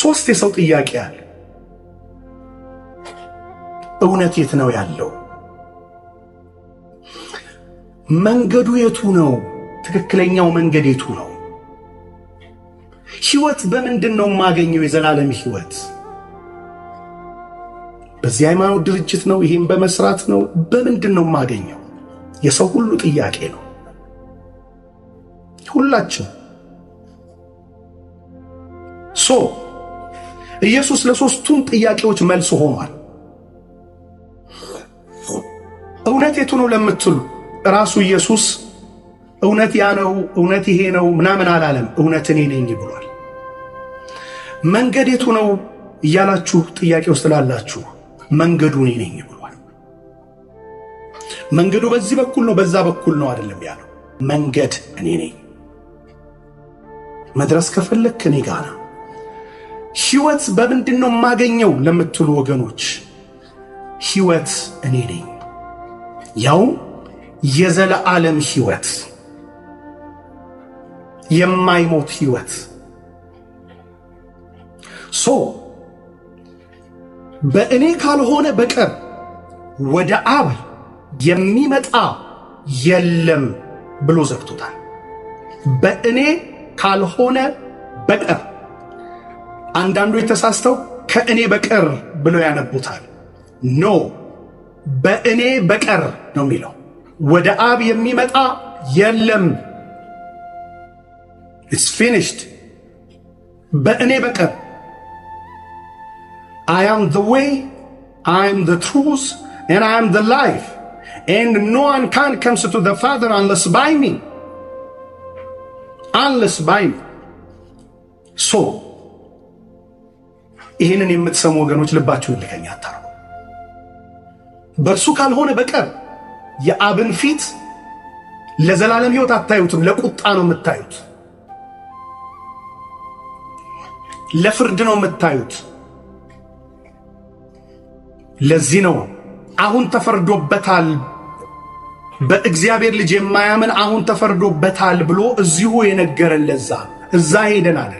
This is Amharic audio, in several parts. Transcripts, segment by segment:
ሶስት የሰው ጥያቄ አለ። እውነት የት ነው ያለው? መንገዱ የቱ ነው? ትክክለኛው መንገድ የቱ ነው? ሕይወት በምንድን ነው የማገኘው? የዘላለም ሕይወት በዚህ ሃይማኖት ድርጅት ነው? ይህም በመስራት ነው? በምንድን ነው የማገኘው? የሰው ሁሉ ጥያቄ ነው። ሁላችን ሶ ኢየሱስ ለሶስቱም ጥያቄዎች መልስ ሆኗል። እውነት የቱ ነው ለምትሉ ራሱ ኢየሱስ እውነት ያ ነው፣ እውነት ይሄ ነው ምናምን አላለም። እውነት እኔ ነኝ ብሏል። መንገድ የቱ ነው እያላችሁ ጥያቄ ውስጥ ላላችሁ መንገዱ እኔ ነኝ ብሏል። መንገዱ በዚህ በኩል ነው በዛ በኩል ነው አይደለም ያለው። መንገድ እኔ ነኝ። መድረስ ከፈለግ እኔ ጋር ነው ሕይወት በምንድን ነው የማገኘው ለምትሉ ወገኖች ሕይወት እኔ ነኝ፣ ያው የዘለዓለም ሕይወት፣ የማይሞት ሕይወት። ሶ በእኔ ካልሆነ በቀር ወደ አብ የሚመጣ የለም ብሎ ዘግቶታል። በእኔ ካልሆነ በቀር አንዳንዶች ተሳስተው ከእኔ በቀር ብለው ያነቡታል። ኖ በእኔ በቀር ነው የሚለው። ወደ አብ የሚመጣ የለም። ኢትስ ፊኒሽድ። በእኔ በቀር አይ አም ዘ ዌይ አይ አም ዘ ትሩዝ ኤንድ አይ አም ዘ ላይፍ ኤንድ ኖ ዋን ካን ከምስ ቱ ዘ ፋዘር አንለስ ባይ ሚ አንለስ ባይ ሚ ሶ ይህንን የምትሰሙ ወገኖች ልባችሁን ልከኛ አታርጉ። በእርሱ ካልሆነ በቀር የአብን ፊት ለዘላለም ሕይወት አታዩትም፣ ለቁጣ ነው የምታዩት፣ ለፍርድ ነው የምታዩት። ለዚህ ነው አሁን ተፈርዶበታል በእግዚአብሔር ልጅ የማያምን አሁን ተፈርዶበታል ብሎ እዚሁ የነገረን ለዛ እዛ ሄደን አለ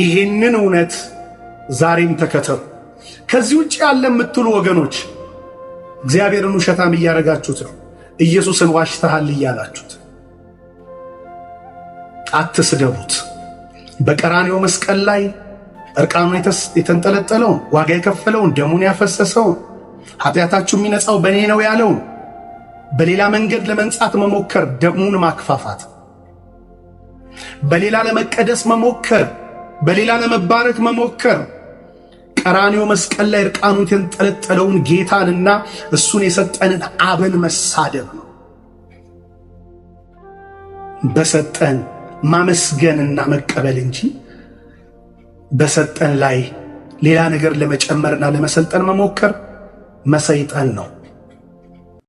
ይህንን እውነት ዛሬም ተከተሉ። ከዚህ ውጭ ያለ የምትሉ ወገኖች እግዚአብሔርን ውሸታም እያደረጋችሁት ነው። ኢየሱስን ዋሽተሃል እያላችሁት አትስደቡት። በቀራኔው መስቀል ላይ እርቃኑን የተንጠለጠለውን ዋጋ የከፈለውን ደሙን ያፈሰሰውን ኃጢአታችሁ የሚነጻው በእኔ ነው ያለውን በሌላ መንገድ ለመንጻት መሞከር፣ ደሙን ማክፋፋት፣ በሌላ ለመቀደስ መሞከር በሌላ ለመባረክ መሞከር ቀራኒው መስቀል ላይ እርቃኑን የተንጠለጠለውን ጌታንና እሱን የሰጠንን አብን መሳደብ ነው። በሰጠን ማመስገንና መቀበል እንጂ በሰጠን ላይ ሌላ ነገር ለመጨመርና ለመሰልጠን መሞከር መሰይጠን ነው።